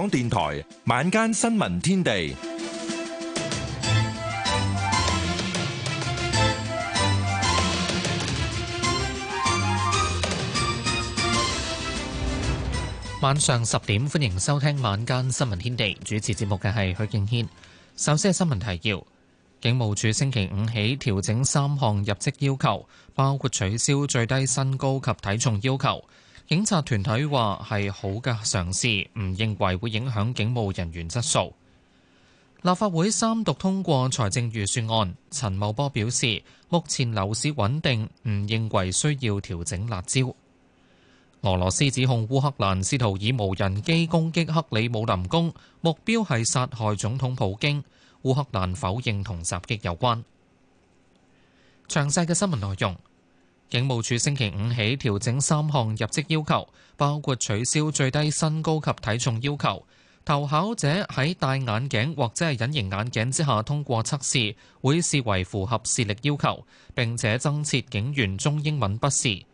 港電台晚間新聞天地，晚上十點，歡迎收聽晚間新聞天地。主持節目嘅係許敬軒。首先係新聞提要：警務處星期五起調整三項入職要求，包括取消最低身高及體重要求。警察團體話係好嘅嘗試，唔認為會影響警務人員質素。立法會三讀通過財政預算案，陳茂波表示目前樓市穩定，唔認為需要調整辣招。俄羅斯指控烏克蘭試圖以無人機攻擊克里姆林宮，目標係殺害總統普京。烏克蘭否認同襲擊有關。詳細嘅新聞內容。警務處星期五起調整三項入職要求，包括取消最低身高及體重要求。投考者喺戴眼鏡或者係隱形眼鏡之下通過測試，會視為符合視力要求，並且增設警員中英文筆試。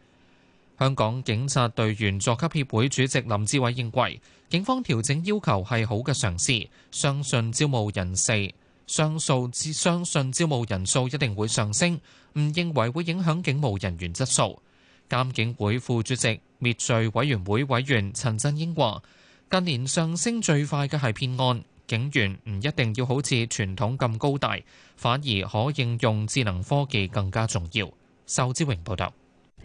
香港警察隊員佐級協會主席林志偉認為，警方調整要求係好嘅嘗試，相信招募人士。上訴至相信招募人數一定會上升，唔認為會影響警務人員質素。監警會副主席、滅罪委員會委員陳振英話：近年上升最快嘅係騙案，警員唔一定要好似傳統咁高大，反而可應用智能科技更加重要。仇志榮報道。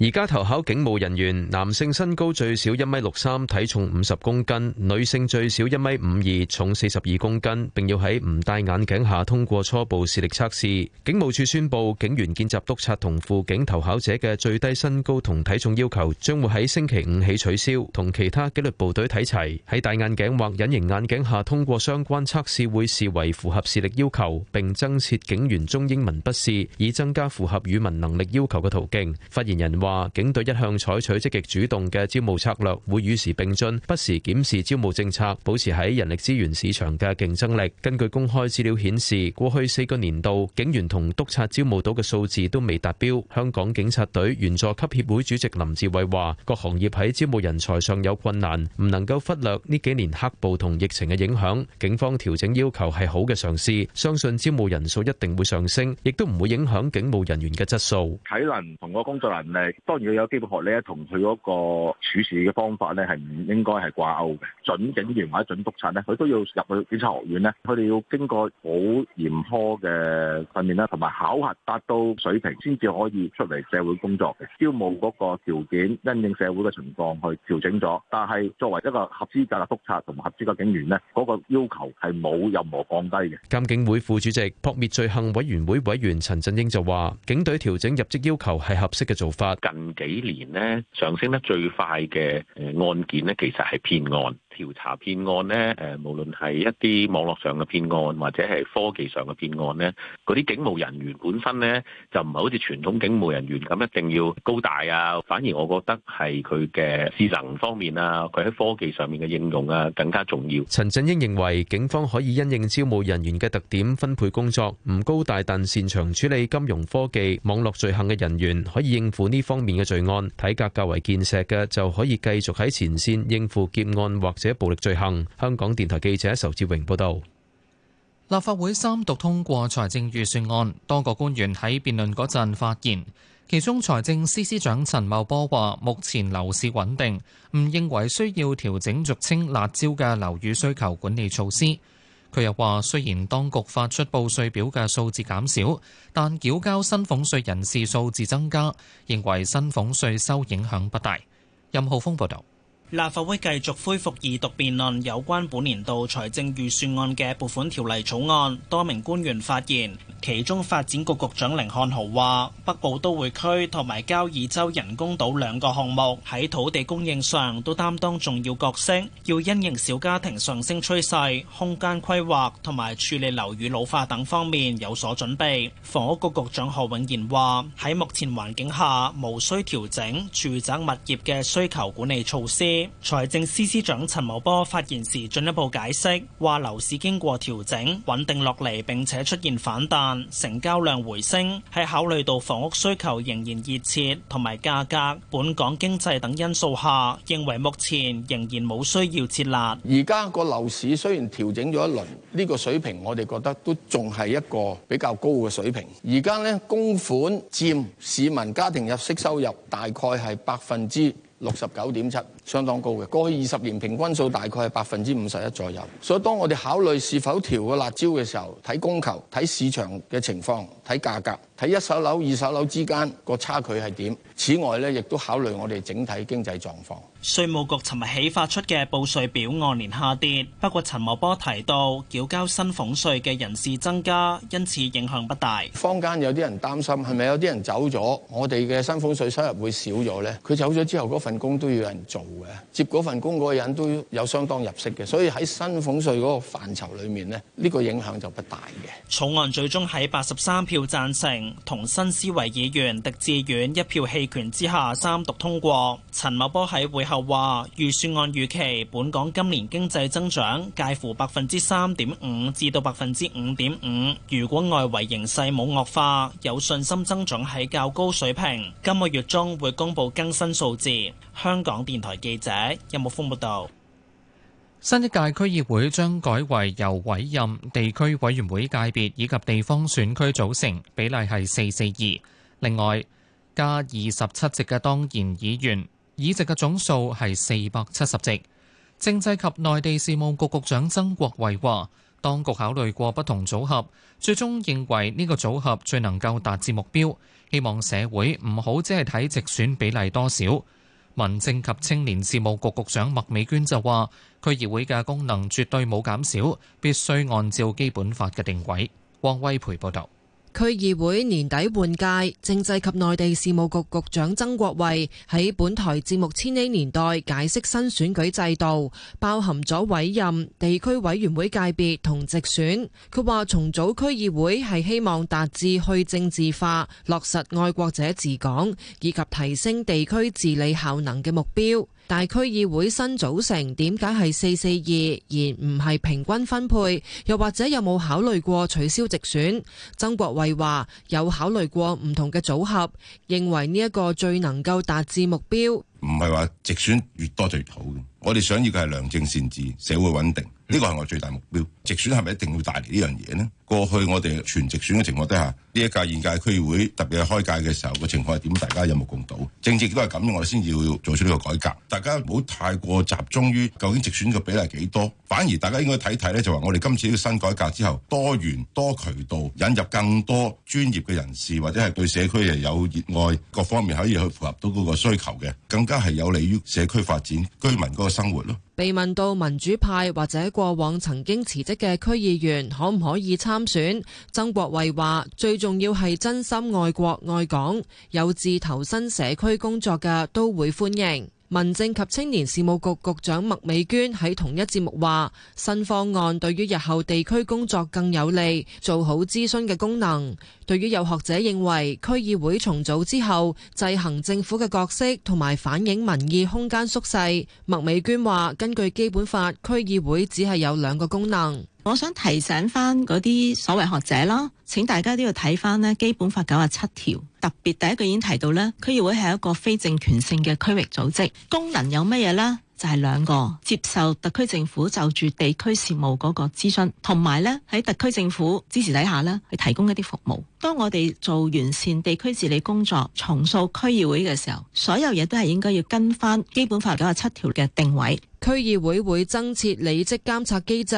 而家投考警務人員，男性身高最少一米六三，體重五十公斤；女性最少一米五二，重四十二公斤，並要喺唔戴眼鏡下通過初步視力測試。警務處宣布，警員見習督察同輔警投考者嘅最低身高同體重要求，將會喺星期五起取消。同其他紀律部隊睇齊，喺戴眼鏡或隱形眼鏡下通過相關測試會視為符合視力要求，並增設警員中英文筆試，以增加符合語文能力要求嘅途徑。發言人話。話警隊一向採取積極主動嘅招募策略，會與時並進，不時檢視招募政策，保持喺人力資源市場嘅競爭力。根據公開資料顯示，過去四個年度警員同督察招募到嘅數字都未達標。香港警察隊援助級協會主席林志偉話：各行業喺招募人才上有困難，唔能夠忽略呢幾年黑暴同疫情嘅影響。警方調整要求係好嘅嘗試，相信招募人數一定會上升，亦都唔會影響警務人員嘅質素。體能同個工作能力，當然要有基本學歷，同佢嗰個處事嘅方法咧，係唔應該係掛鈎嘅。準警員或者準督察呢，佢都要入去警察學院呢，佢哋要經過好嚴苛嘅訓練啦，同埋考核達到水平先至可以出嚟社會工作嘅。招募嗰個條件因應社會嘅情況去調整咗，但係作為一個合資格嘅督察同埋合資格警員呢，嗰個要求係冇任何降低嘅。監警會副主席、撲滅罪行委員會委員陳振英就話：警隊調整入職要求係合適嘅做法。近幾年咧，上升得最快嘅案件咧，其實係騙案。調查騙案咧，誒，無論係一啲網絡上嘅騙案，或者係科技上嘅騙案咧，嗰啲警務人員本身咧，就唔係好似傳統警務人員咁一定要高大啊。反而我覺得係佢嘅智能方面啊，佢喺科技上面嘅應用啊，更加重要。陳振英認為，警方可以因應招募人員嘅特點分配工作，唔高大但擅長處理金融科技網絡罪行嘅人員，可以應付呢方面嘅罪案；體格較為健碩嘅，就可以繼續喺前線應付劫案或者。一暴力罪行。香港電台記者仇志榮報道，立法會三讀通過財政預算案。多個官員喺辯論嗰陣發言，其中財政司司長陳茂波話，目前樓市穩定，唔認為需要調整俗稱辣招嘅樓宇需求管理措施。佢又話，雖然當局發出報稅表嘅數字減少，但繳交薪俸稅人士數字增加，認為薪俸稅收影響不大。任浩峰報道。立法會繼續恢復二讀辯論有關本年度財政預算案嘅撥款條例草案，多名官員發言。其中發展局局長甯漢豪話：北部都會區同埋交椅洲人工島兩個項目喺土地供應上都擔當重要角色，要因應小家庭上升趨勢、空間規劃同埋處理樓宇老化等方面有所準備。房屋局局長何永賢話：喺目前環境下，無需調整住宅物業嘅需求管理措施。財政司司長陳茂波發言時進一步解釋，話樓市經過調整穩定落嚟，並且出現反彈，成交量回升。喺考慮到房屋需求仍然熱切，同埋價格、本港經濟等因素下，認為目前仍然冇需要設立。而家個樓市雖然調整咗一輪，呢個水平我哋覺得都仲係一個比較高嘅水平。而家呢，供款佔市民家庭入息收入大概係百分之六十九點七。相當高嘅，過去二十年平均數大概係百分之五十一左右。所以當我哋考慮是否調個辣椒嘅時候，睇供求、睇市場嘅情況、睇價格、睇一手樓、二手樓之間個差距係點。此外呢，亦都考慮我哋整體經濟狀況。稅務局尋日起發出嘅報稅表按年下跌，不過陳茂波提到繳交薪俸稅嘅人士增加，因此影響不大。坊間有啲人擔心係咪有啲人走咗，我哋嘅薪俸稅收入會少咗呢？佢走咗之後嗰份工都要有人做。接嗰份工嗰個人都有相當入息嘅，所以喺薪俸稅嗰個範疇裏面呢，呢個影響就不大嘅。草案最終喺八十三票贊成，同新思維議員狄志遠一票棄權之下三讀通過。陳茂波喺會後話預算案預期本港今年經濟增長介乎百分之三點五至到百分之五點五，如果外圍形勢冇惡化，有信心增長喺較高水平。今個月中會公布更新數字。香港電台記者任木峰報道：新一屆區議會將改為由委任、地區委員會界別以及地方選區組成，比例係四四二。另外加二十七席嘅當然議員，議席嘅總數係四百七十席。政制及內地事務局局長曾國衛話：當局考慮過不同組合，最終認為呢個組合最能夠達至目標。希望社會唔好只係睇直選比例多少。民政及青年事務局局長麥美娟就話：區議會嘅功能絕對冇減少，必須按照基本法嘅定位。汪威培報道。區議會年底換屆，政制及內地事務局局長曾國衛喺本台節目《千禧年代》解釋新選舉制度，包含咗委任、地區委員會界別同直選。佢話重組區議會係希望達至去政治化、落實愛國者治港，以及提升地區治理效能嘅目標。大區議會新組成點解係四四二，而唔係平均分配？又或者有冇考慮過取消直選？曾國衛話：有考慮過唔同嘅組合，認為呢一個最能夠達至目標。唔係話直選越多就越好。我哋想要嘅係良政善治、社會穩定，呢個係我最大目標。直選係咪一定要帶嚟呢樣嘢呢？過去我哋全直選嘅情況底下，呢一屆現屆區議會特別係開界嘅時候個情況係點？大家有目共睹，政治都係咁樣，我哋先至要做出呢個改革。大家唔好太過集中於究竟直選嘅比例幾多，反而大家應該睇睇咧，就話我哋今次呢個新改革之後，多元多渠道，引入更多專業嘅人士，或者係對社區係有熱愛各方面可以去符合到嗰個需求嘅，更加係有利於社區發展、居民嗰、那個。被問到民主派或者過往曾經辭職嘅區議員可唔可以參選，曾國衛話：最重要係真心愛國愛港，有志投身社區工作嘅都會歡迎。民政及青年事務局局長麥美娟喺同一節目話：新方案對於日後地區工作更有利，做好諮詢嘅功能。對於有學者認為區議會重組之後，制衡政府嘅角色同埋反映民意空間縮細，麥美娟話：根據基本法，區議會只係有兩個功能。我想提醒翻嗰啲所謂學者啦，請大家都要睇翻《基本法》九十七條，特別第一句已經提到咧，區議會係一個非政權性嘅區域組織，功能有乜嘢咧？就係兩個接受特區政府就住地區事務嗰個諮詢，同埋咧喺特區政府支持底下咧，去提供一啲服務。當我哋做完善地區治理工作，重塑區議會嘅時候，所有嘢都係應該要跟翻《基本法》九十七條嘅定位。區議會會增設履職監察機制。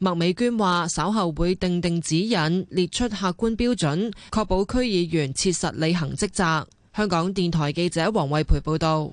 麥美娟話，稍後會訂定指引，列出客觀標準，確保區議員切實履行職責。香港電台記者黃慧培報道。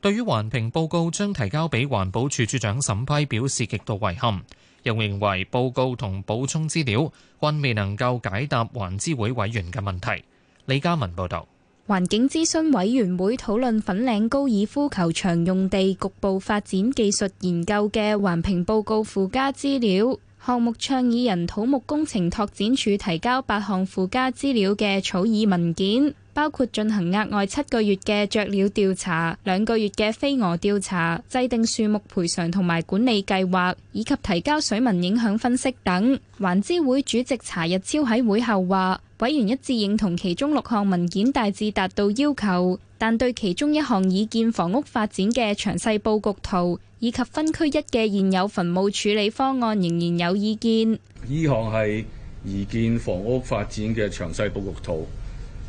對於環評報告將提交俾環保署署長審批表示極度遺憾，又認為報告同補充資料均未能夠解答環諮會委員嘅問題。李嘉文報道。環境諮詢委員會討論粉嶺高爾夫球場用地局部發展技術研究嘅環評報告附加資料，項目倡議人土木工程拓展處提交八項附加資料嘅草擬文件。包括進行額外七個月嘅雀鳥調查、兩個月嘅飛蛾調查、制定樹木賠償同埋管理計劃，以及提交水文影響分析等。環諮會主席查日超喺會後話，委員一致認同其中六項文件大致達到要求，但對其中一項已建房屋發展嘅詳細佈局圖以及分區一嘅現有墳墓處理方案仍然有意見。呢項係已建房屋發展嘅詳細佈局圖。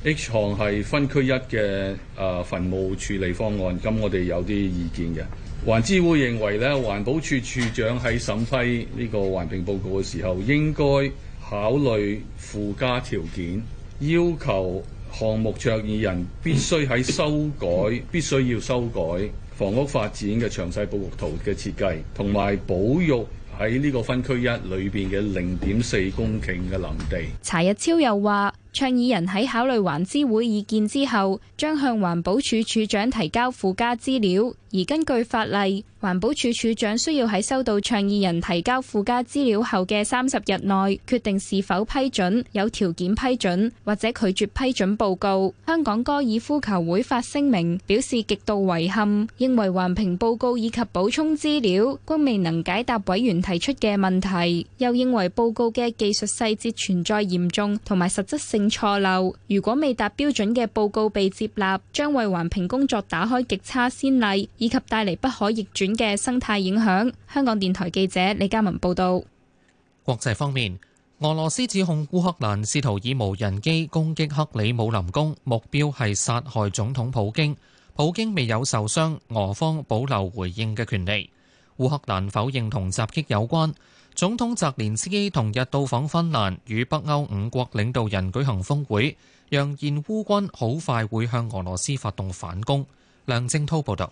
H 行係分區一嘅誒、呃、墳墓處理方案，咁我哋有啲意見嘅。環諮會認為咧，環保署署長喺審批呢個環評報告嘅時候，應該考慮附加條件，要求項目倡議人必須喺修改，必須要修改房屋發展嘅詳細佈局圖嘅設計，同埋保育喺呢個分區一裏邊嘅零點四公頃嘅林地。柴日超又話，倡議人喺考慮環資會意見之後，將向環保署署長提交附加資料，而根據法例，環保署署長需要喺收到倡議人提交附加資料後嘅三十日內決定是否批准、有條件批准或者拒絕批准報告。香港高爾夫球會發聲明表示極度遺憾，認為環評報告以及補充資料均未能解答委員提出嘅問題，又認為報告嘅技術細節存在嚴重同埋實質性。錯漏，如果未達標準嘅報告被接納，將為環評工作打開極差先例，以及帶嚟不可逆轉嘅生態影響。香港電台記者李嘉文報道。國際方面，俄羅斯指控烏克蘭試圖以無人機攻擊克里姆林宮，目標係殺害總統普京，普京未有受傷，俄方保留回應嘅權利。烏克蘭否認同襲擊有關。總統澤連斯基同日到訪芬蘭，與北歐五國領導人舉行峰會，揚言烏軍好快會向俄羅斯發動反攻。梁正滔報道。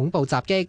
恐怖襲擊。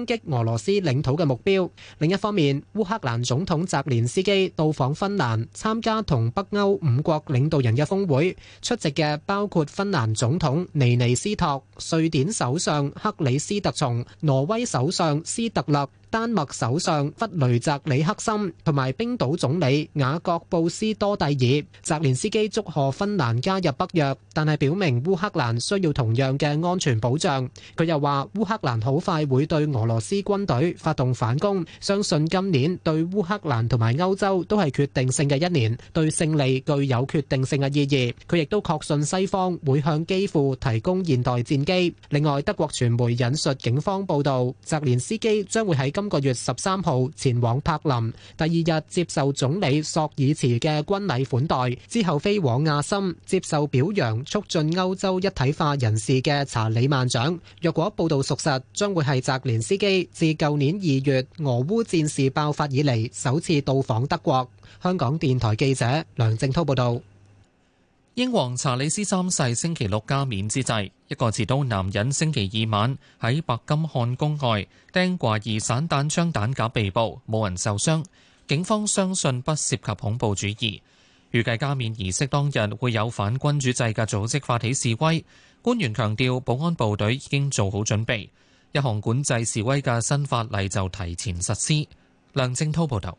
攻擊俄羅斯領土嘅目標。另一方面，烏克蘭總統澤連斯基到訪芬蘭，參加同北歐五國領導人嘅峰會。出席嘅包括芬蘭總統尼尼斯托、瑞典首相克里斯特松、挪威首相斯特勒。丹麥首相弗雷澤里克森同埋冰島總理雅各布斯多蒂爾，澤連斯基祝賀芬蘭加入北約，但係表明烏克蘭需要同樣嘅安全保障。佢又話：烏克蘭好快會對俄羅斯軍隊發動反攻，相信今年對烏克蘭同埋歐洲都係決定性嘅一年，對勝利具有決定性嘅意義。佢亦都確信西方會向基輔提供現代戰機。另外，德國傳媒引述警方報道，澤連斯基將會喺今今個月十三號前往柏林，第二日接受總理索爾茨嘅軍禮款待，之後飛往亞琛接受表揚促進歐洲一體化人士嘅查理曼獎。若果報道屬實，將會係澤連斯基自舊年二月俄烏戰事爆發以嚟首次到訪德國。香港電台記者梁正濤報道。英皇查理斯三世星期六加冕之際，一個持刀男人星期二晚喺白金漢宮外釘掛二散彈槍彈夾被捕，冇人受傷。警方相信不涉及恐怖主義。預計加冕儀式當日會有反君主制嘅組織發起示威。官員強調，保安部隊已經做好準備。一項管制示威嘅新法例就提前實施。梁正濤報道。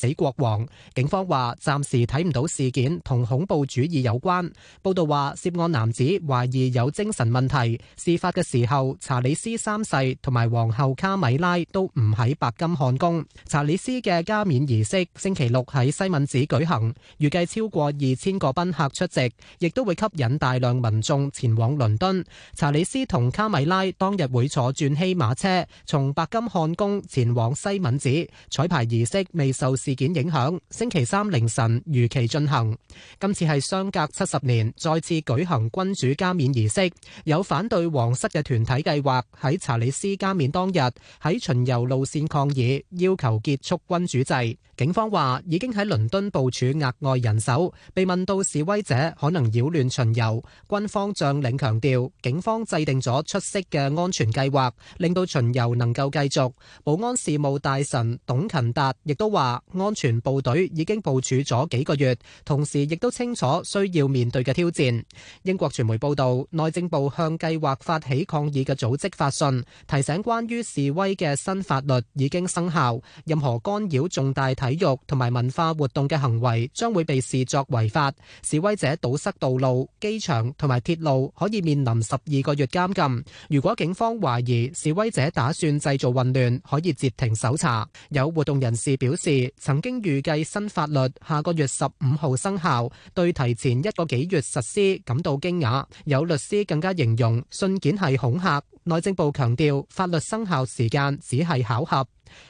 死國王，警方話暫時睇唔到事件同恐怖主義有關。報道話，涉案男子懷疑有精神問題。事發嘅時候，查理斯三世同埋皇后卡米拉都唔喺白金漢宮。查理斯嘅加冕儀式星期六喺西敏寺舉行，預計超過二千個賓客出席，亦都會吸引大量民眾前往倫敦。查理斯同卡米拉當日會坐鑽禧馬車從白金漢宮前往西敏寺，彩排儀式未受事件影響，星期三凌晨如期進行。今次係相隔七十年再次舉行君主加冕儀式，有反對皇室嘅團體計劃喺查理斯加冕當日喺巡遊路線抗議，要求結束君主制。警方話已經喺倫敦部署額外人手。被問到示威者可能擾亂巡遊，軍方將領強調警方制定咗出色嘅安全計劃，令到巡遊能夠繼續。保安事務大臣董勤達亦都話。安全部隊已經部署咗幾個月，同時亦都清楚需要面對嘅挑戰。英國傳媒報道，內政部向計劃發起抗議嘅組織發信，提醒關於示威嘅新法律已經生效，任何干擾重大體育同埋文化活動嘅行為將會被視作違法。示威者堵塞道路、機場同埋鐵路，可以面臨十二個月監禁。如果警方懷疑示威者打算製造混亂，可以截停搜查。有活動人士表示。曾經預計新法律下個月十五號生效，對提前一個幾月實施感到驚訝。有律師更加形容信件係恐吓。內政部強調法律生效時間只係巧合。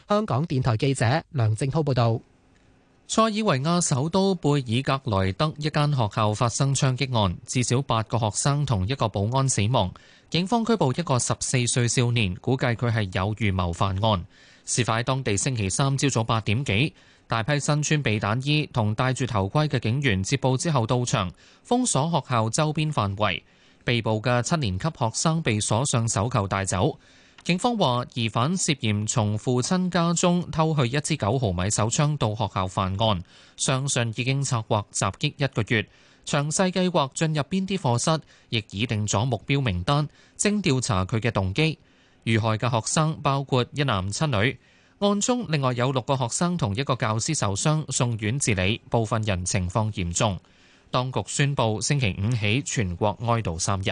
香港電台記者梁正濤報道：塞爾維亞首都貝爾格萊德一間學校發生槍擊案，至少八個學生同一個保安死亡。警方拘捕一個十四歲少年，估計佢係有預謀犯案。事發當地星期三朝早八點幾。大批身穿避彈衣同戴住頭盔嘅警員接報之後到場，封鎖學校周邊範圍。被捕嘅七年級學生被鎖上手銬帶走。警方話疑犯涉嫌從父親家中偷去一支九毫米手槍到學校犯案，相信已經策劃襲擊一個月，詳細計劃進入邊啲課室，亦擬定咗目標名單，正調查佢嘅動機。遇害嘅學生包括一男七女。案中另外有六個學生同一個教師受傷送院治理，部分人情況嚴重。當局宣布星期五起全國哀悼三日。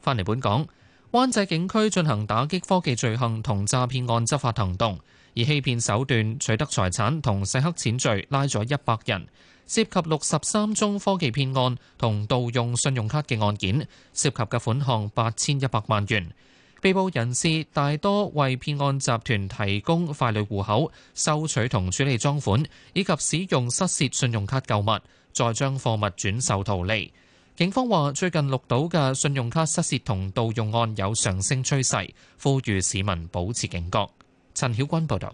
翻嚟本港，灣仔警區進行打擊科技罪行同詐騙案執法行動，以欺騙手段取得財產同洗黑錢罪拉咗一百人，涉及六十三宗科技騙案同盜用信用卡嘅案件，涉及嘅款項八千一百萬元。被捕人士大多為騙案集團提供傀儡戶口、收取同處理贓款，以及使用失竊信用卡購物，再將貨物轉售圖利。警方話，最近錄到嘅信用卡失竊同盜用案有上升趨勢，呼籲市民保持警覺。陳曉君報道。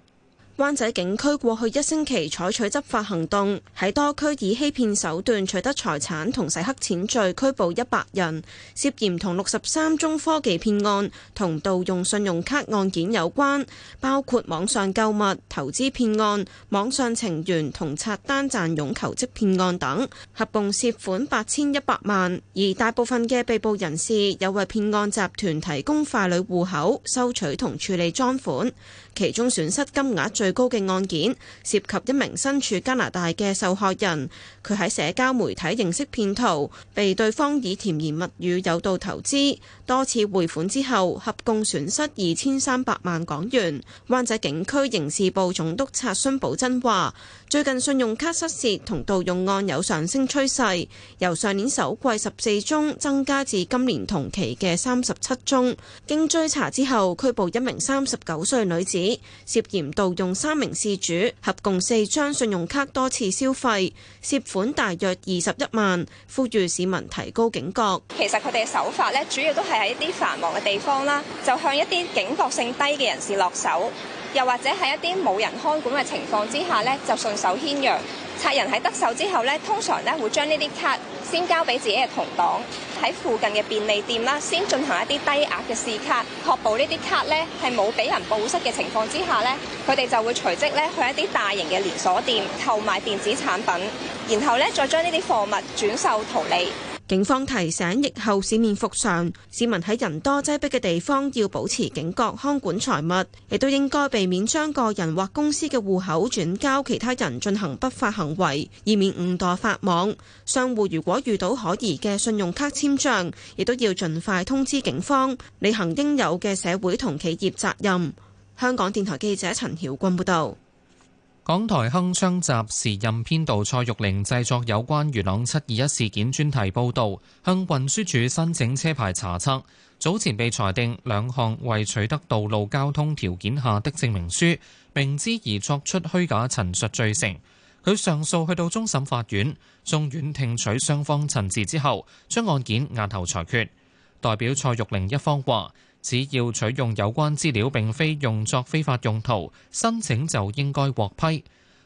灣仔警區過去一星期採取執法行動，喺多區以欺騙手段取得財產同洗黑錢罪拘捕一百人，涉嫌同六十三宗科技騙案同盜用信用卡案件有關，包括網上購物、投資騙案、網上情緣同刷單賺佣求職騙案等，合共涉款八千一百萬。而大部分嘅被捕人士有為騙案集團提供傀儡戶口、收取同處理贓款，其中損失金額。最高嘅案件涉及一名身處加拿大嘅受害人，佢喺社交媒體認識騙徒，被對方以甜言蜜語誘導投資，多次匯款之後合共損失二千三百萬港元。灣仔警區刑事部總督察孫寶珍話：最近信用卡失竊同盜用案有上升趨勢，由上年首季十四宗增加至今年同期嘅三十七宗。經追查之後，拘捕一名三十九歲女子，涉嫌盜用。三名事主合共四張信用卡多次消費，涉款大約二十一萬，呼籲市民提高警覺。其實佢哋嘅手法咧，主要都係喺一啲繁忙嘅地方啦，就向一啲警覺性低嘅人士落手。又或者喺一啲冇人看管嘅情況之下呢，就順手牽羊。賊人喺得手之後呢，呢通常呢會將呢啲卡先交俾自己嘅同黨，喺附近嘅便利店啦，先進行一啲低額嘅試卡，確保呢啲卡呢係冇俾人報失嘅情況之下呢，佢哋就會隨即呢去一啲大型嘅連鎖店購買電子產品，然後呢再將呢啲貨物轉售圖利。警方提醒，疫後市面復常，市民喺人多擠逼嘅地方要保持警覺，看管財物，亦都應該避免將個人或公司嘅戶口轉交其他人進行不法行為，以免誤墮法網。商戶如果遇到可疑嘅信用卡簽賬，亦都要盡快通知警方，履行應有嘅社會同企業責任。香港電台記者陳曉君報道。港台《鏗鏘集》時任編導蔡玉玲製作有關元朗七二一事件專題報道，向運輸署申請車牌查冊，早前被裁定兩項為取得道路交通條件下的證明書，明知而作出虛假陳述罪成。佢上訴去到終審法院，終院聽取雙方陳詞之後，將案件押後裁決。代表蔡玉玲一方話。只要取用有關資料，並非用作非法用途，申請就應該獲批。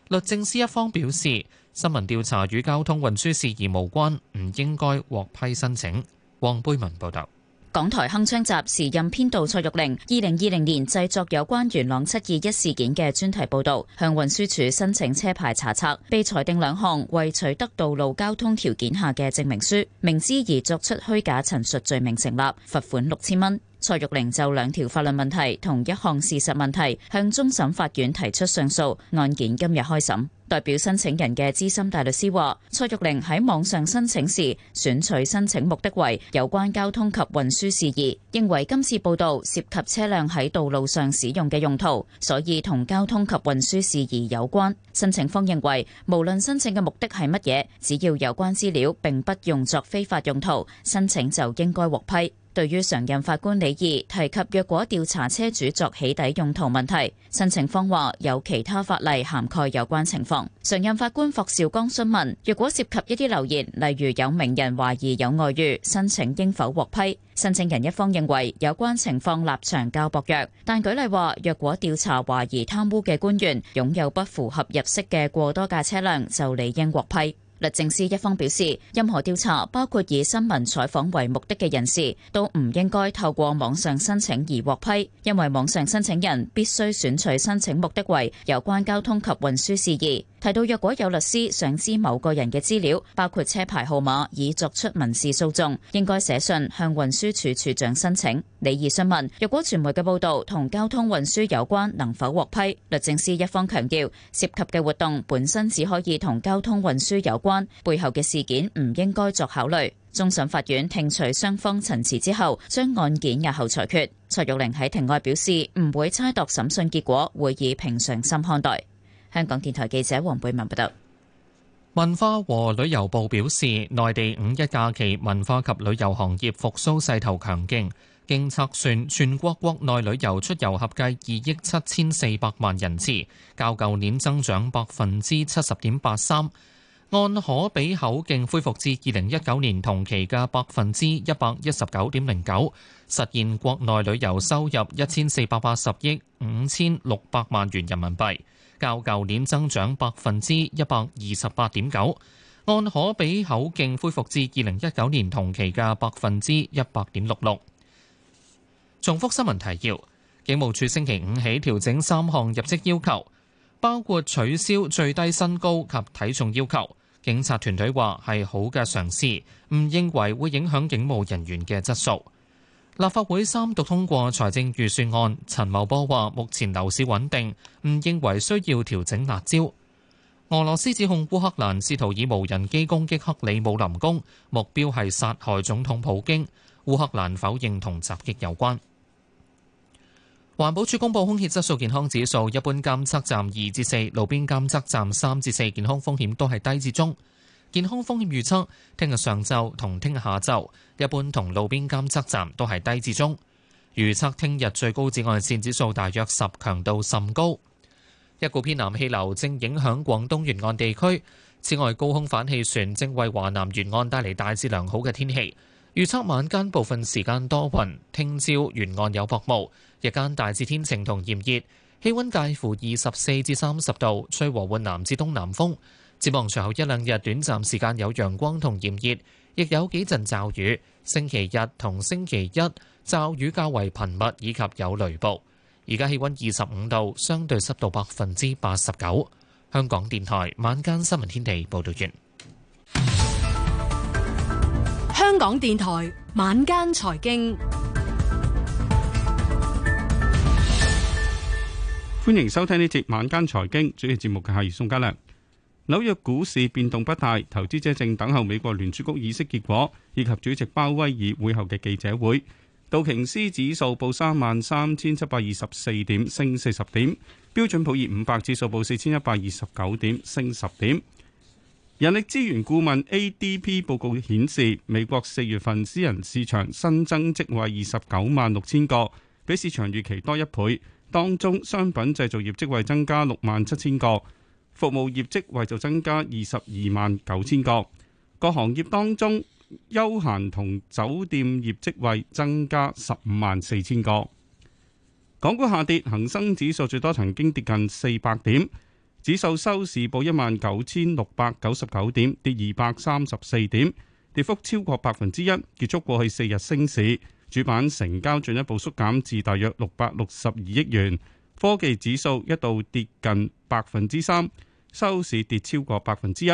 律政司一方表示，新聞調查與交通運輸事宜無關，唔應該獲批申請。黃貝文報道，港台《鏗鏘集》時任編導蔡玉玲，二零二零年製作有關元朗七二一事件嘅專題報導，向運輸署申請車牌查冊，被裁定兩項為取得道路交通條件下嘅證明書，明知而作出虛假陳述罪，罪名成立，罰款六千蚊。蔡玉玲就兩條法律問題同一項事實問題向終審法院提出上訴，案件今日開審。代表申請人嘅資深大律師話，蔡玉玲喺網上申請時選取申請目的為有關交通及運輸事宜，認為今次報道涉及車輛喺道路上使用嘅用途，所以同交通及運輸事宜有關。申請方認為，無論申請嘅目的係乜嘢，只要有關資料並不用作非法用途，申請就應該獲批。對於常任法官李義提及若果調查車主作起底用途問題，申請方話有其他法例涵蓋有關情況。常任法官霍兆剛詢問若果涉及一啲流言，例如有名人懷疑有外遇，申請應否獲批？申請人一方認為有關情況立場較薄弱，但舉例話若果調查懷疑貪污嘅官員擁有不符合入息嘅過多架車輛，就理應獲批。律政司一方表示，任何調查，包括以新聞採訪為目的嘅人士，都唔應該透過網上申請而獲批，因為網上申請人必須選取申請目的為有關交通及運輸事宜。提到若果有律師想知某個人嘅資料，包括車牌號碼，已作出民事訴訟，應該寫信向運輸署署長申請，李義詢問，若果傳媒嘅報道同交通運輸有關，能否獲批？律政司一方強調，涉及嘅活動本身只可以同交通運輸有關。背後嘅事件唔應該作考慮。終審法院聽取雙方陳詞之後，將案件押後裁決。蔡玉玲喺庭外表示，唔會猜度審訊結果，會以平常心看待。香港電台記者黃貝文報道。文化和旅遊部表示，內地五一假期文化及旅遊行業復蘇勢頭強勁，經測算，全國國內旅遊出遊合計二億七千四百萬人次，較舊年增長百分之七十點八三。按可比口徑恢復至二零一九年同期嘅百分之一百一十九點零九，實現國內旅遊收入一千四百八十億五千六百萬元人民幣，較舊年增長百分之一百二十八點九。按可比口徑恢復至二零一九年同期嘅百分之一百點六六。重複新聞提要：警務處星期五起調整三項入職要求，包括取消最低身高及體重要求。警察團隊話係好嘅嘗試，唔認為會影響警務人員嘅質素。立法會三讀通過財政預算案。陳茂波話：目前樓市穩定，唔認為需要調整辣招。俄羅斯指控烏克蘭試圖以無人機攻擊克里姆林宮，目標係殺害總統普京。烏克蘭否認同襲擊有關。環保署公布空氣質素健康指數，一般監測站二至四，路邊監測站三至四，健康風險都係低至中。健康風險預測聽日上晝同聽日下晝，一般同路邊監測站都係低至中。預測聽日最高紫外線指數大約十，強度甚高。一股偏南氣流正影響廣東沿岸地區，此外高空反氣旋正為華南沿岸帶嚟大致良好嘅天氣。預測晚間部分時間多雲，聽朝沿岸有薄霧，日間大致天晴同炎熱，氣溫介乎二十四至三十度，吹和緩南至東南風。展望隨後一兩日短暫時間有陽光同炎熱，亦有幾陣驟雨。星期日同星期一驟雨較為頻密以及有雷暴。而家氣溫二十五度，相對濕度百分之八十九。香港電台晚間新聞天地報道完。香港電台晚間財經，歡迎收聽呢節晚間財經主持節目嘅係宋嘉良。紐約股市變動不大，投資者正等候美國聯儲局議息結果以及主席鮑威爾會後嘅記者會。道瓊斯指數報三萬三千七百二十四點，升四十點；標準普爾五百指數報四千一百二十九點，升十點。人力資源顧問 ADP 報告顯示，美國四月份私人市場新增職位二十九萬六千個，比市場預期多一倍。當中，商品製造業職位增加六萬七千個，服務業職位就增加二十二萬九千個。各行業當中，休閒同酒店業職位增加十五萬四千個。港股下跌，恒生指數最多曾經跌近四百點。指數收市報一萬九千六百九十九點，跌二百三十四點，跌幅超過百分之一，結束過去四日升市。主板成交進一步縮減至大約六百六十二億元。科技指數一度跌近百分之三，收市跌超過百分之一。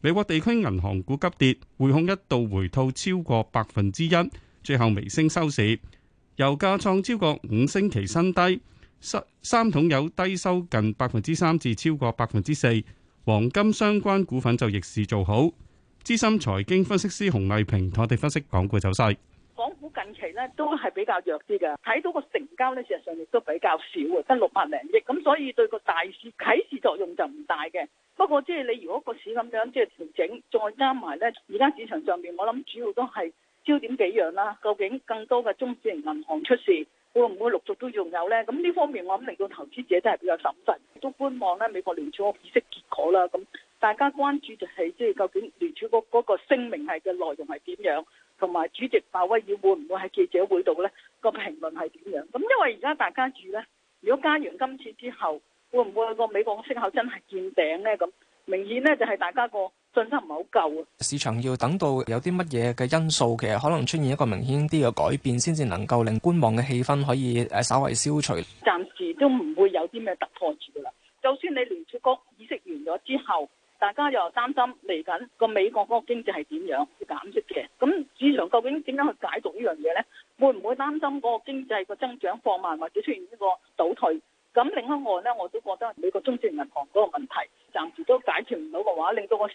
美國地區銀行股急跌，匯控一度回吐超過百分之一，最後微升收市。油價創超過五星期新低。三桶油低收近百分之三至超過百分之四，黃金相關股份就逆市做好。資深財經分析師洪麗萍同我哋分析港股走勢。港股近期呢都係比較弱啲嘅，睇到個成交呢事實上亦都比較少啊，得六百零億，咁所以對個大市啟示作用就唔大嘅。不過即係你如果個市咁樣即係調整，再加埋呢，而家市場上邊我諗主要都係焦點幾樣啦。究竟更多嘅中小型銀行出事？會唔會陸續都仲有呢？咁呢方面，我諗令到投資者真係比較審慎，都觀望咧。美國聯儲局議息結果啦，咁大家關注就係即係究竟聯儲局嗰個聲明係嘅內容係點樣，同埋主席鮑威爾會唔會喺記者會度呢、嗰個評論係點樣？咁因為而家大家住呢，如果加完今次之後，會唔會個美國嘅息口真係見頂呢？咁明顯呢，就係大家個。信心唔係好夠啊！市場要等到有啲乜嘢嘅因素，其實可能出現一個明顯啲嘅改變，先至能夠令觀望嘅氣氛可以誒稍微消除。暫時都唔會有啲咩突破住噶啦。就算你聯儲局議息完咗之後，大家又擔心嚟緊個美國嗰個經濟係點樣要減息嘅？咁市場究竟點樣去解讀呢樣嘢咧？會唔會擔心嗰個經濟個增長放慢，或者出現呢個倒退？咁另外一個咧，我都覺得美國中央銀行嗰個問題。暫時都解決唔到嘅話，令到個市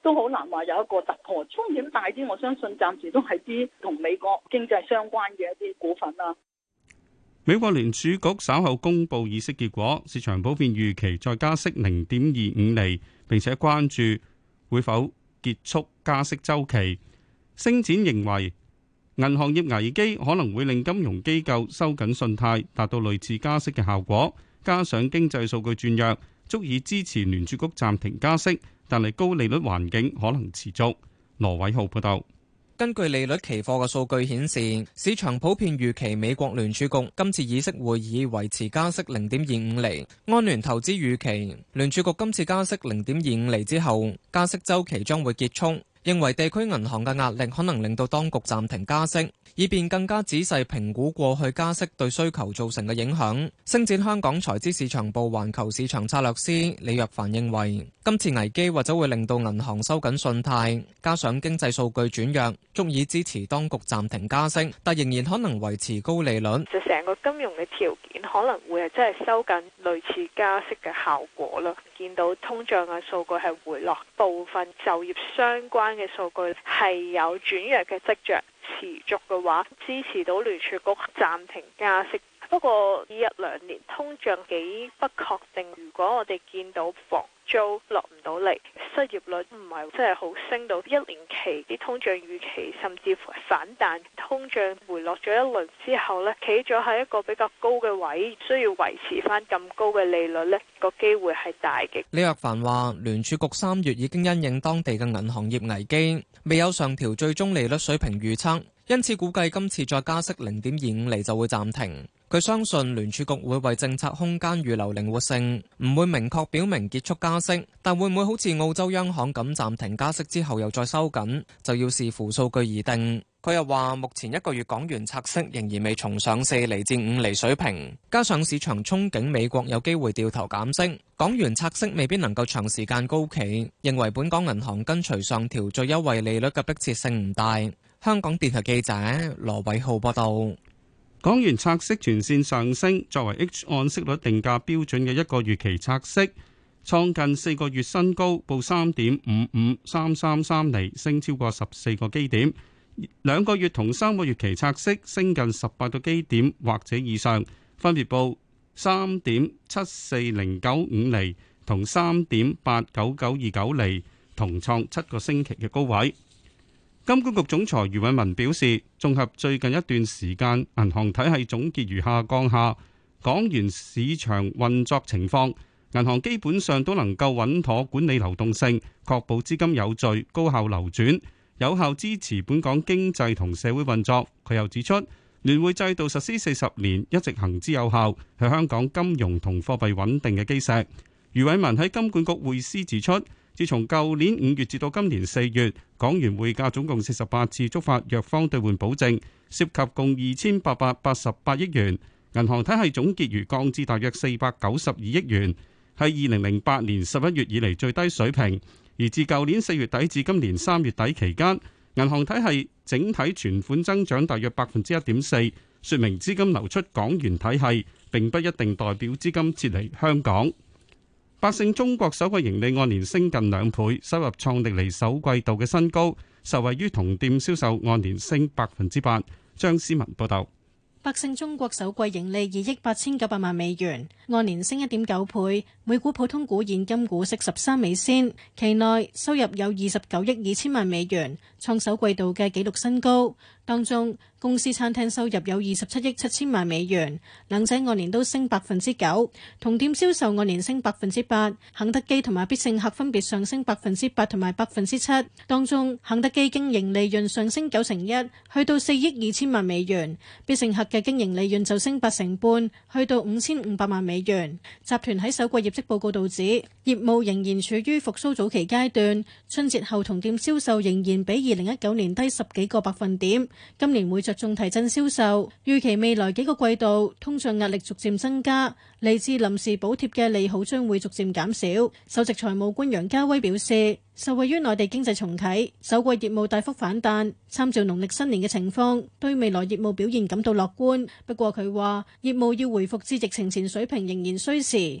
都好難話有一個突破。風險大啲，我相信暫時都係啲同美國經濟相關嘅一啲股份啦，啊。美國聯儲局稍後公布議息結果，市場普遍預期再加息零點二五厘，並且關注會否結束加息周期。星展認為，銀行業危機可能會令金融機構收緊信貸，達到類似加息嘅效果。加上經濟數據轉弱。足以支持聯儲局暫停加息，但係高利率環境可能持續。羅偉浩報道，根據利率期貨嘅數據顯示，市場普遍預期美國聯儲局今次議息會議維持加息零點二五厘。安聯投資預期聯儲局今次加息零點二五厘之後，加息周期將會結束。認為地區銀行嘅壓力可能令到當局暫停加息，以便更加仔細評估過去加息對需求造成嘅影響。星展香港財資市場部環球市場策略師李若凡認為，今次危機或者會令到銀行收緊信貸，加上經濟數據轉弱，足以支持當局暫停加息，但仍然可能維持高利率。就成個金融嘅條件可能會係真係收緊類似加息嘅效果啦。見到通脹嘅數據係回落，部分就業相關。嘅數據係有轉弱嘅跡象，持續嘅話，支持到聯儲局暫停加息。不過呢一兩年通脹幾不確定，如果我哋見到房租落唔到嚟，失業率唔係真係好升到一年期啲通脹預期甚至乎係反彈，通脹回落咗一輪之後咧，企咗喺一個比較高嘅位，需要維持翻咁高嘅利率呢、呢個機會係大嘅。李若凡話，聯儲局三月已經因應當地嘅銀行業危機，未有上調最終利率水平預測，因此估計今次再加息零點二五厘就會暫停。佢相信聯儲局會為政策空間預留靈活性，唔會明確表明結束加息，但會唔會好似澳洲央行咁暫停加息之後又再收緊，就要視乎數據而定。佢又話目前一個月港元拆息仍然未重上四厘至五厘水平，加上市場憧憬美國有機會掉頭減息，港元拆息未必能夠長時間高企，認為本港銀行跟隨上調最優惠利率嘅迫切性唔大。香港電台記者羅偉浩報道。港元拆息全線上升，作為 H 按息率定價標準嘅一個月期拆息，創近四個月新高，報三點五五三三三厘，升超過十四個基點。兩個月同三個月期拆息升近十八個基點或者以上，分別報三點七四零九五厘同三點八九九二九厘，同創七個星期嘅高位。金管局總裁余偉文表示，綜合最近一段時間銀行體系總結餘下降下，港元市場運作情況，銀行基本上都能夠穩妥管理流動性，確保資金有序、高效流轉，有效支持本港經濟同社會運作。佢又指出，聯會制度實施四十年，一直行之有效，係香港金融同貨幣穩定嘅基石。余偉文喺金管局匯思指出。自從舊年五月至到今年四月，港元匯價總共四十八次觸發弱方兌換保證，涉及共二千八百八十八億元。銀行體系總結餘降至大約四百九十二億元，係二零零八年十一月以嚟最低水平。而自舊年四月底至今年三月底期間，銀行體系整體存款增長大約百分之一點四，說明資金流出港元體系並不一定代表資金撤離香港。百勝中國首季盈利按年升近兩倍，收入創歷嚟首季度嘅新高，受惠於同店銷售按年升百分之八。張思文報道，百勝中國首季盈利二億八千九百萬美元，按年升一點九倍，每股普通股現金股息十三美仙。期內收入有二十九億二千萬美元，創首季度嘅紀錄新高。當中公司餐廳收入有二十七億七千萬美元，兩者按年都升百分之九，同店銷售按年升百分之八。肯德基同埋必勝客分別上升百分之八同埋百分之七。當中肯德基經營利潤上升九成一，去到四億二千萬美元；必勝客嘅經營利潤就升八成半，去到五千五百萬美元。集團喺首季業績報告度指，業務仍然處於復蘇早期階段，春節後同店銷售仍然比二零一九年低十幾個百分點。今年會着重提振銷售，預期未來幾個季度通脹壓力逐漸增加，嚟自臨時補貼嘅利好將會逐漸減少。首席財務官楊家威表示，受惠於內地經濟重啟，首季業務大幅反彈。參照農曆新年嘅情況，對未來業務表現感到樂觀。不過佢話，業務要回復至疫情前水平仍然需時。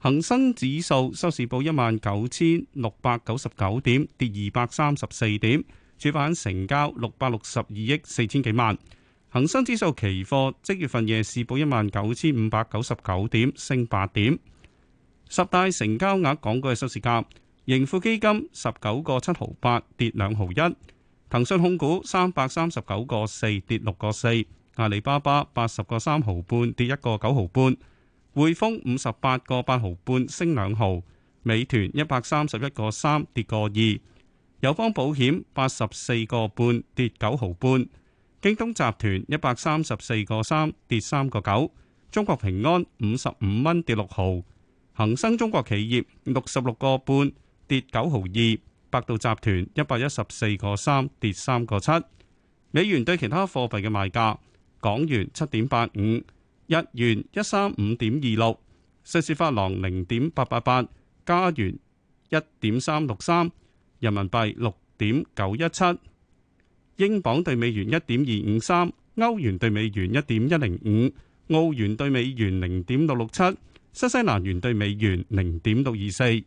恒生指數收市報一萬九千六百九十九點，跌二百三十四點，主板成交六百六十二億四千幾萬。恒生指數期貨即月份夜市報一萬九千五百九十九點，升八點。十大成交額港股嘅收市價：盈富基金十九個七毫八，跌兩毫一；騰訊控股三百三十九個四，跌六個四；阿里巴巴八十個三毫半，跌一個九毫半。匯豐五十八個八毫半升兩毫，美團一百三十一個三跌個二，友邦保險八十四個半跌九毫半，京東集團一百三十四個三跌三個九，中國平安五十五蚊跌六毫，恒生中國企業六十六個半跌九毫二，百度集團一百一十四個三跌三個七，美元對其他貨幣嘅賣價，港元七點八五。日元一三五點二六，瑞士法郎零點八八八，加元一點三六三，人民幣六點九一七，英鎊兌美元一點二五三，歐元兌美元一點一零五，澳元兌美元零點六六七，新西蘭元兌美元零點六二四。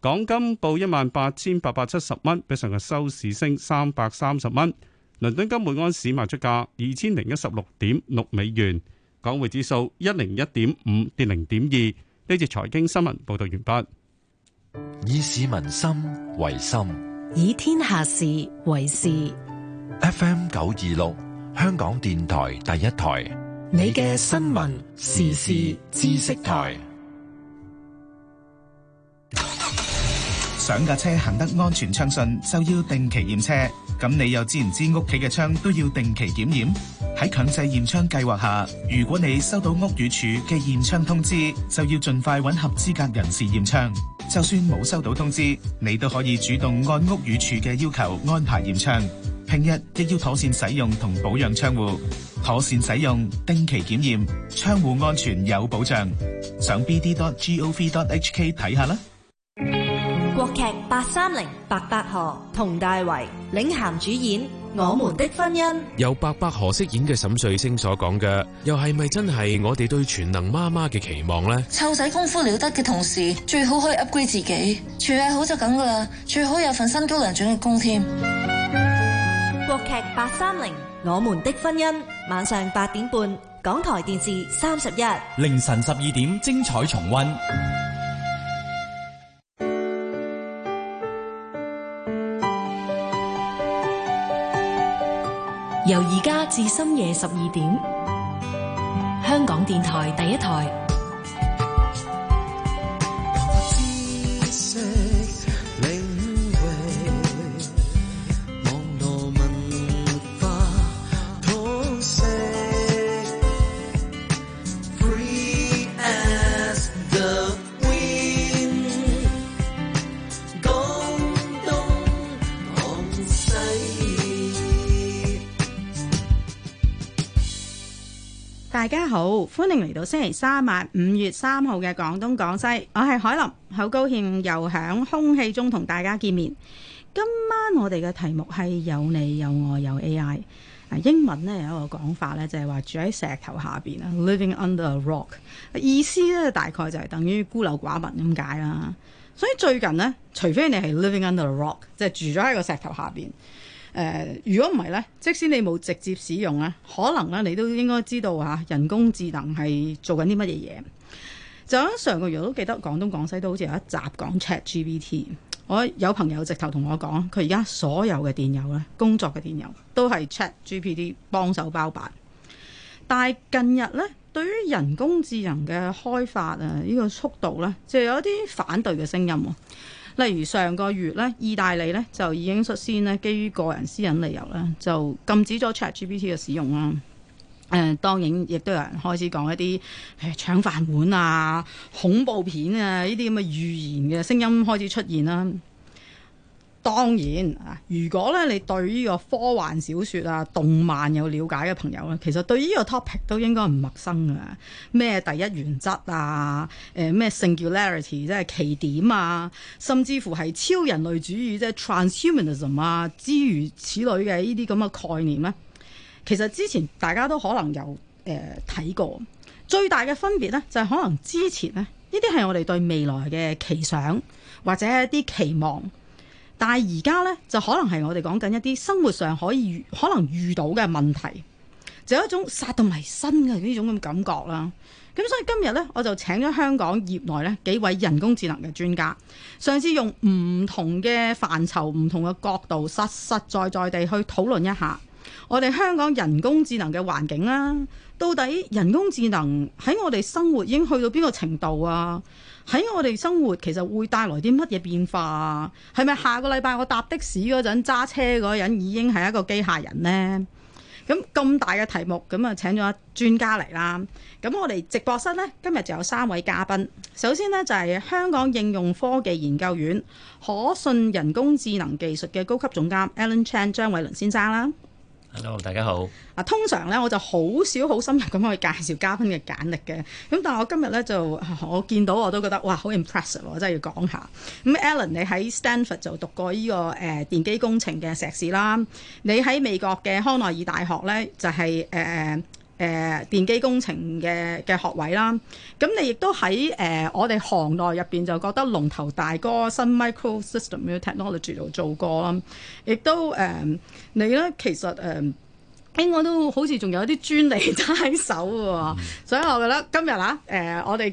港金報一萬八千八百七十蚊，比上日收市升三百三十蚊。倫敦金每安士賣出價二千零一十六點六美元。港匯指數一零一點五跌零點二。呢節財經新聞報道完畢。以市民心為心，以天下事為事。FM 九二六，香港電台第一台，你嘅新聞時事知識台。上架車行得安全暢順，就要定期驗車。咁你又知唔知屋企嘅窗都要定期檢驗？喺強制驗窗計劃下，如果你收到屋宇署嘅驗窗通知，就要盡快揾合資格人士驗窗。就算冇收到通知，你都可以主動按屋宇署嘅要求安排驗窗。平日亦要妥善使用同保養窗戶，妥善使用，定期檢驗，窗戶安全有保障。上 bd.gov.hk 睇下啦。劇八三零，30, 白百何、佟大為領銜主演《我們的婚姻》，由白百何飾演嘅沈瑞星所講嘅，又係咪真係我哋對全能媽媽嘅期望呢？湊仔功夫了得嘅同時，最好可以 upgrade 自己，廚藝好就咁噶啦，最好有份薪高糧準嘅工添。國劇八三零《我們的婚姻》，晚上八點半，港台電視三十一凌晨十二點，精彩重溫。至深夜十二點，香港電台第一台。好，歡迎嚟到星期三晚五月三號嘅廣東廣西，我係海琳，好高興又響空氣中同大家見面。今晚我哋嘅題目係有你有我有 AI，啊英文咧，有一個講法咧，就係話住喺石頭下邊啊，living under a rock，意思咧，大概就係等於孤陋寡聞咁解啦。所以最近咧，除非你係 living under a rock，即係住咗喺個石頭下邊。誒，如果唔係呢，即使你冇直接使用啊，可能咧你都應該知道嚇人工智能係做緊啲乜嘢嘢。就喺上個月，我都記得廣東廣西都好似有一集講 Chat GPT。我有朋友直頭同我講，佢而家所有嘅電郵咧，工作嘅電郵都係 Chat GPT 幫手包辦。但係近日呢，對於人工智能嘅開發啊，呢個速度呢，就有一啲反對嘅聲音。例如上個月呢，意大利呢，就已經率先呢，基於個人私隱理由呢，就禁止咗 ChatGPT 嘅使用啦、啊。誒、呃，當然，亦都有人開始講一啲誒、呃、搶飯碗啊、恐怖片啊呢啲咁嘅預言嘅聲音開始出現啦、啊。當然啊，如果咧你對呢個科幻小説啊、動漫有了解嘅朋友咧，其實對呢個 topic 都應該唔陌生嘅。咩第一原則啊，誒、呃、咩 singularity 即係奇點啊，甚至乎係超人類主義即係 transhumanism 啊之如此類嘅呢啲咁嘅概念咧，其實之前大家都可能有誒睇、呃、過。最大嘅分別咧，就係、是、可能之前呢，呢啲係我哋對未來嘅期想或者一啲期望。但係而家呢，就可能係我哋講緊一啲生活上可以可能遇到嘅問題，就有一種殺到埋身嘅呢種咁感覺啦。咁所以今日呢，我就請咗香港業內呢幾位人工智能嘅專家，上次用唔同嘅範疇、唔同嘅角度，實實在在地去討論一下我哋香港人工智能嘅環境啦。到底人工智能喺我哋生活已經去到邊個程度啊？喺我哋生活，其實會帶來啲乜嘢變化啊？係咪下個禮拜我搭的士嗰陣揸車嗰人已經係一個機械人呢？咁咁大嘅題目，咁啊請咗專家嚟啦。咁我哋直播室呢，今日就有三位嘉賓。首先呢，就係、是、香港應用科技研究院可信人工智能技術嘅高級總監 Alan Chan 張偉倫先生啦。hello，大家好。啊，通常咧我就好少好深入咁去介紹嘉賓嘅簡歷嘅，咁但係我今日咧就我見到我都覺得哇，好 impressive，我真係要講下。咁 Alan，你喺 Stanford 就讀過呢、呢個誒、呃、電機工程嘅碩士啦，你喺美國嘅康奈爾大學咧就係誒誒。呃誒電機工程嘅嘅學位啦，咁你亦都喺誒我哋行內入邊就覺得龍頭大哥，新 Microsystem Technology 度做過啦，亦都誒、呃、你咧其實誒、呃、應該都好似仲有一啲專利喺手喎，嗯、所以我覺得今日啊誒我哋。